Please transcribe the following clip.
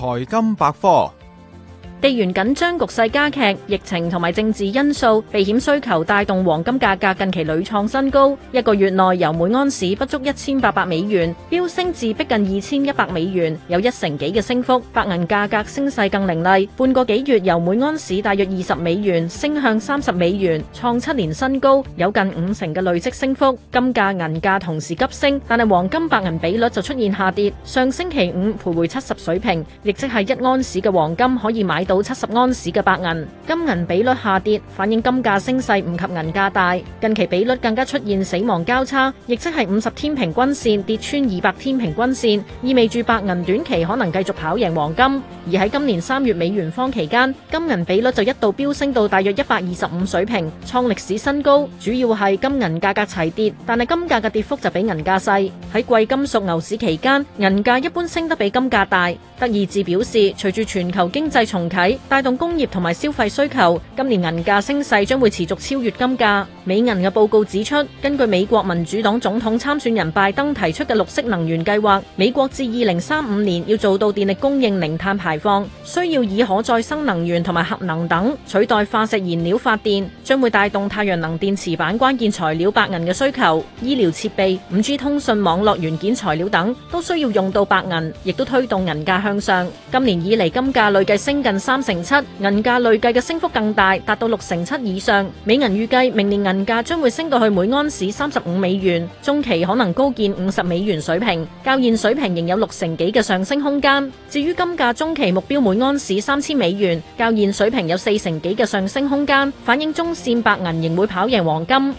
財經百科。地緣緊張局勢加劇、疫情同埋政治因素，避險需求帶動黃金價格近期屢創新高。一個月內由每盎司不足一千八百美元，飆升至逼近二千一百美元，有一成幾嘅升幅。白銀價格升勢更凌厲，半個幾月由每盎司大約二十美元升向三十美元，創七年新高，有近五成嘅累積升幅。金價、銀價同時急升，但係黃金白銀比率就出現下跌。上星期五徘徊七十水平，亦即係一盎司嘅黃金可以買到七十安士嘅白銀，金銀比率下跌，反映金價升勢唔及銀價大。近期比率更加出現死亡交叉，亦即係五十天平均線跌穿二百天平均線，意味住白銀短期可能繼續跑贏黃金。而喺今年三月美元荒期間，金銀比率就一度飆升到大約一百二十五水平，創歷史新高。主要係金銀價格齊跌，但係金價嘅跌幅就比銀價細。喺貴金屬牛市期間，銀價一般升得比金價大。德意志表示，隨住全球經濟重啟，帶動工業同埋消費需求，今年銀價升勢將會持續超越金價。美銀嘅報告指出，根據美國民主黨總統參選人拜登提出嘅綠色能源計劃，美國至二零三五年要做到電力供應零碳排放，需要以可再生能源同埋核能等取代化石燃料發電，將會帶動太陽能電池板關鍵材料白銀嘅需求。醫療設備、五 G 通訊網絡元件材料等都需要用到白銀，亦都推動銀價向上。今年以嚟金價累計升近三成七，銀價累計嘅升幅更大，達到六成七以上。美銀預計明年銀價將會升到去每安士三十五美元，中期可能高見五十美元水平，較現水平仍有六成幾嘅上升空間。至於金價中期目標每安士三千美元，較現水平有四成幾嘅上升空間，反映中線白銀仍會跑贏黃金。